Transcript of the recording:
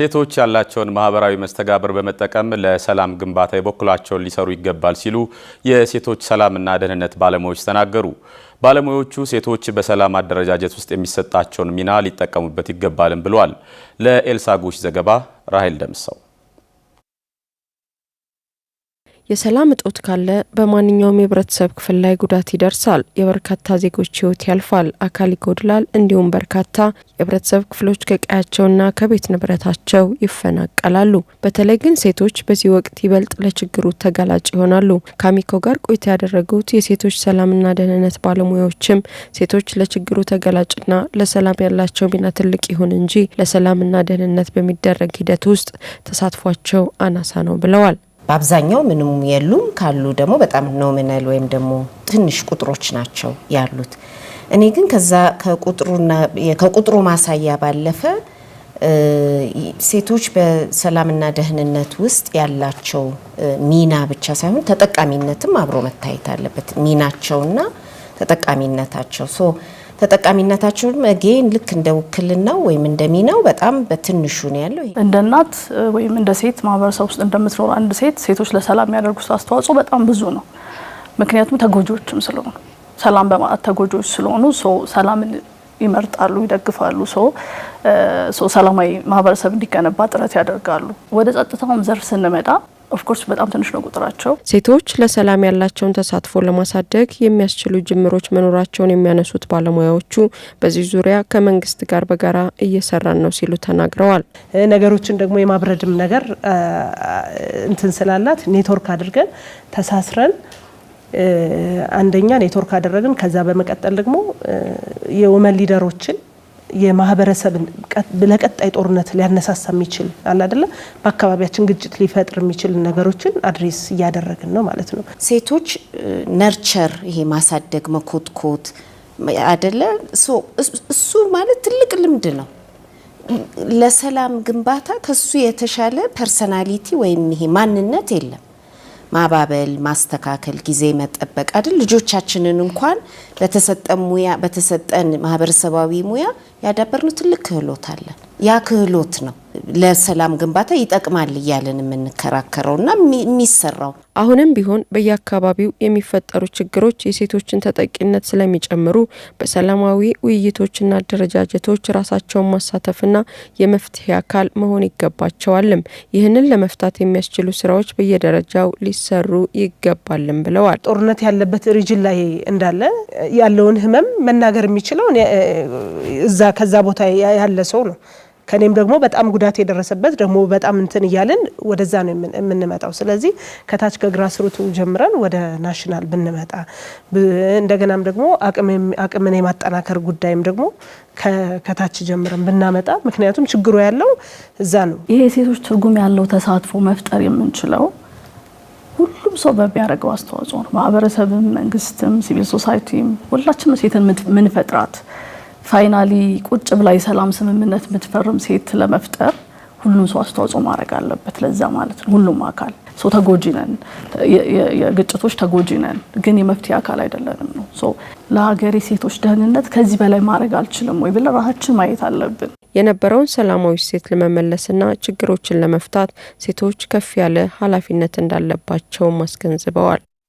ሴቶች ያላቸውን ማህበራዊ መስተጋብር በመጠቀም ለሰላም ግንባታ የበኩላቸውን ሊሰሩ ይገባል ሲሉ የሴቶች ሰላምና ደህንነት ባለሙያዎች ተናገሩ። ባለሙያዎቹ ሴቶች በሰላም አደረጃጀት ውስጥ የሚሰጣቸውን ሚና ሊጠቀሙበት ይገባልም ብሏል። ለኤልሳ ጉሽ ዘገባ ራሄል ደምሰው የሰላም እጦት ካለ በማንኛውም የህብረተሰብ ክፍል ላይ ጉዳት ይደርሳል። የበርካታ ዜጎች ህይወት ያልፋል፣ አካል ይጎድላል። እንዲሁም በርካታ የህብረተሰብ ክፍሎች ከቀያቸውና ከቤት ንብረታቸው ይፈናቀላሉ። በተለይ ግን ሴቶች በዚህ ወቅት ይበልጥ ለችግሩ ተጋላጭ ይሆናሉ። ከአሚኮ ጋር ቆይታ ያደረጉት የሴቶች ሰላምና ደህንነት ባለሙያዎችም ሴቶች ለችግሩ ተጋላጭና ለሰላም ያላቸው ሚና ትልቅ ይሁን እንጂ ለሰላምና ደህንነት በሚደረግ ሂደት ውስጥ ተሳትፏቸው አናሳ ነው ብለዋል። በአብዛኛው ምንም የሉም። ካሉ ደግሞ በጣም ኖሚናል ወይም ደግሞ ትንሽ ቁጥሮች ናቸው ያሉት። እኔ ግን ከዛ ከቁጥሩ ማሳያ ባለፈ ሴቶች በሰላምና ደህንነት ውስጥ ያላቸው ሚና ብቻ ሳይሆን ተጠቃሚነትም አብሮ መታየት አለበት። ሚናቸውና ተጠቃሚነታቸው ተጠቃሚነታችሁም ጌን ልክ እንደ ውክልናው ወይም እንደሚናው በጣም በትንሹ ነው ያለው። እንደ እናት ወይም እንደ ሴት ማህበረሰብ ውስጥ እንደምትኖር አንድ ሴት ሴቶች ለሰላም የሚያደርጉት አስተዋጽኦ በጣም ብዙ ነው። ምክንያቱም ተጎጂዎችም ስለሆኑ ሰላም በማጣት ተጎጂዎች ስለሆኑ ሰላምን ይመርጣሉ፣ ይደግፋሉ። ሰላማዊ ማህበረሰብ እንዲገነባ ጥረት ያደርጋሉ። ወደ ጸጥታውም ዘርፍ ስንመጣ ኦፍኮርስ በጣም ትንሽ ነው ቁጥራቸው። ሴቶች ለሰላም ያላቸውን ተሳትፎ ለማሳደግ የሚያስችሉ ጅምሮች መኖራቸውን የሚያነሱት ባለሙያዎቹ በዚህ ዙሪያ ከመንግስት ጋር በጋራ እየሰራን ነው ሲሉ ተናግረዋል። ነገሮችን ደግሞ የማብረድም ነገር እንትን ስላላት ኔትወርክ አድርገን ተሳስረን አንደኛ ኔትወርክ አደረግን። ከዛ በመቀጠል ደግሞ የውመን ሊደሮችን የማህበረሰብን ለቀጣይ ጦርነት ሊያነሳሳ የሚችል አለ አደለ፣ በአካባቢያችን ግጭት ሊፈጥር የሚችል ነገሮችን አድሬስ እያደረግን ነው ማለት ነው። ሴቶች ነርቸር፣ ይሄ ማሳደግ፣ መኮትኮት አደለ፣ እሱ ማለት ትልቅ ልምድ ነው። ለሰላም ግንባታ ከሱ የተሻለ ፐርሰናሊቲ ወይም ይሄ ማንነት የለም። ማባበል፣ ማስተካከል፣ ጊዜ መጠበቅ አይደል? ልጆቻችንን እንኳን በተሰጠን ሙያ በተሰጠን ማህበረሰባዊ ሙያ ያዳበርነው ትልቅ ክህሎት አለ። ያ ክህሎት ነው ለሰላም ግንባታ ይጠቅማል እያለን የምንከራከረውና የሚሰራው አሁንም ቢሆን በየአካባቢው የሚፈጠሩ ችግሮች የሴቶችን ተጠቂነት ስለሚጨምሩ በሰላማዊ ውይይቶችና አደረጃጀቶች ራሳቸውን ማሳተፍና የመፍትሄ አካል መሆን ይገባቸዋልም። ይህንን ለመፍታት የሚያስችሉ ስራዎች በየደረጃው ሊሰሩ ይገባልም ብለዋል። ጦርነት ያለበት ሪጅን ላይ እንዳለ ያለውን ህመም መናገር የሚችለው እዛ ከዛ ቦታ ያለ ሰው ነው። ከኔም ደግሞ በጣም ጉዳት የደረሰበት ደግሞ በጣም እንትን እያለን ወደዛ ነው የምንመጣው። ስለዚህ ከታች ከግራ ስሩቱ ጀምረን ወደ ናሽናል ብንመጣ እንደገናም ደግሞ አቅምን የማጠናከር ጉዳይም ደግሞ ከታች ጀምረን ብናመጣ፣ ምክንያቱም ችግሩ ያለው እዛ ነው። ይሄ የሴቶች ትርጉም ያለው ተሳትፎ መፍጠር የምንችለው ሁሉም ሰው በሚያደርገው አስተዋጽኦ ነው። ማህበረሰብም፣ መንግስትም፣ ሲቪል ሶሳይቲም ሁላችንም ሴትን ምንፈጥራት ፋይናሊ ቁጭ ብላ የሰላም ስምምነት የምትፈርም ሴት ለመፍጠር ሁሉም ሰው አስተዋጽኦ ማድረግ አለበት። ለዛ ማለት ነው ሁሉም አካል ሰው ተጎጂ ነን፣ የግጭቶች ተጎጂ ነን፣ ግን የመፍትሄ አካል አይደለንም ነው ለሀገሬ ሴቶች ደህንነት ከዚህ በላይ ማድረግ አልችልም ወይ ብለን ራሳችን ማየት አለብን። የነበረውን ሰላማዊ ሴት ለመመለስና ችግሮችን ለመፍታት ሴቶች ከፍ ያለ ኃላፊነት እንዳለባቸው አስገንዝበዋል።